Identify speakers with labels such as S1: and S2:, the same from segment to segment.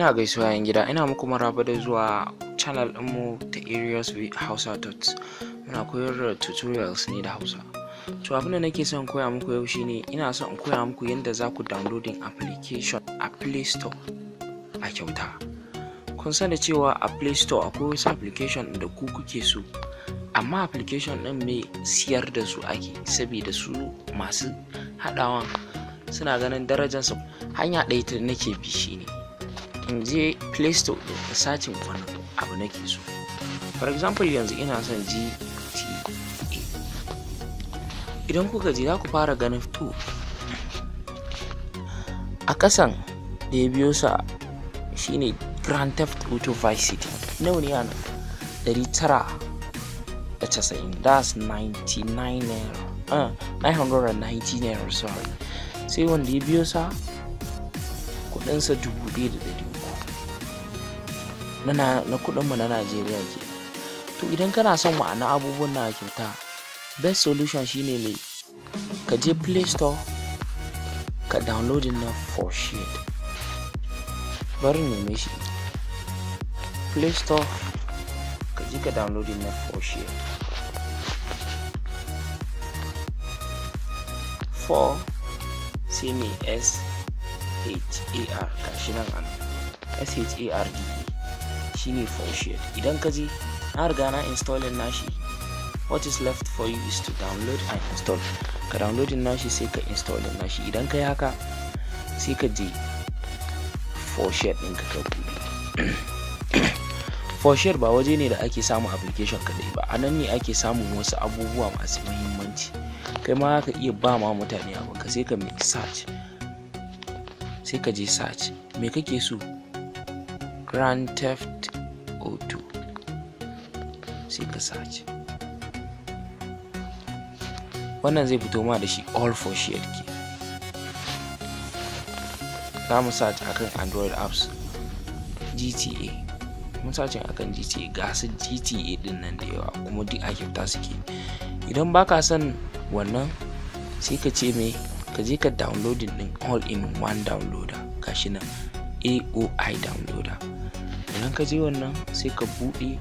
S1: ina gaisuwa yan gida ina muku maraba da zuwa channel mu ta areas with hausa tots muna koyar da tutorials ne da hausa to abinda da nake son koya muku yau shine ina son in koya muku yadda za ku downloading application a play store a kyauta kun san cewa a play store akwai wasu application da ku kuke so amma application ɗin mai siyar da su ake saboda su masu haɗawan suna ganin darajarsa hanya ɗaya ta nake bi shine ne in je play store din in sacin wani abu nake so for example yanzu ina son gta idan kuka ji, za ku fara ganin to a kasan da ya biyo sa shine grand theft auto vice city nawa ne yana 990 that's 99 naira uh, ah, 990 naira sorry sai wanda ya biyo sa kudinsa 1100 na kudin mu na najeriya ke to idan kana son ma'ana abubuwan na kyauta best solution shine mai ka je play store ka downloading na for shit. bari neme shi play store ka je ka downloading na for shit. for sai mai s h a r kashi nan an s h a r d e. shine shared idan ka ji na riga na installing nashi what is left for you is to download and install ka downloading nashi sai ka installing nashi idan ka yi haka sai ka je shared ɗinka ka buɗe shared ba waje ne da ake samun application kadai ba a nan ne ake samun wasu abubuwa masu muhimmanci kai ma ka iya ba ma mutane ka sai ka mai search sai ka je search me kake so grand theft auto sai ka sace wannan zai fito ma da shi all for shared ke za mu sace akan android apps gta mun sace akan gta ga su gta din nan da yawa kuma duk a kyauta suke idan baka son wannan sai ka ce mai ka je ka downloading din all in one downloader gashi nan aoi downloader idan ka je wannan sai ka buɗe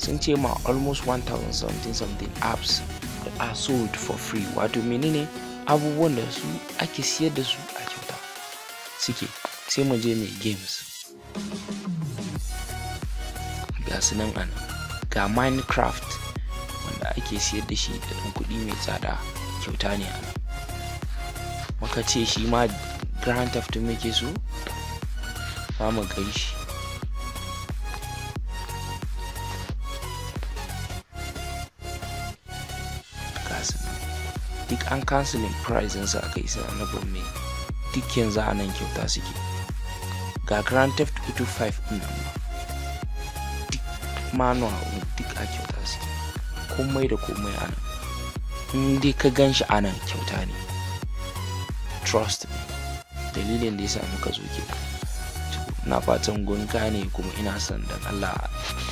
S1: sun ce ma almost 1000 something something apps that are sold for free wato menene abubuwan da su ake siyar da su a kyauta suke sai mu je mai games ga su nan ana ga minecraft wanda ake siyar da shi da ɗan kuɗi mai tsada kyauta ne ana muka ce shi ma grand theft muke so za mu kai shi duk an cancelin price ɗinsa aka isa na bombay duk yanzu a nan kyauta suke ga grand theft auto 5 din nan duk manuwa duk a kyauta suke komai da komai a nan in dai ka gan shi a nan kyauta ne trust me dalilin da ya sa muka zo kenan na fatan gunka ne kuma ina son dan Allah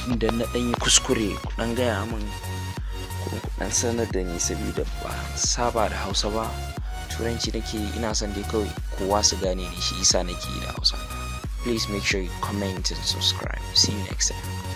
S1: idan na dan yi kuskure ku ɗan gaya min ku dan sanar da ni saboda ba saba da hausa ba turanci nake ina son dai kawai kowa su gane ni shi isa nake da hausa please make sure you comment and subscribe see you next time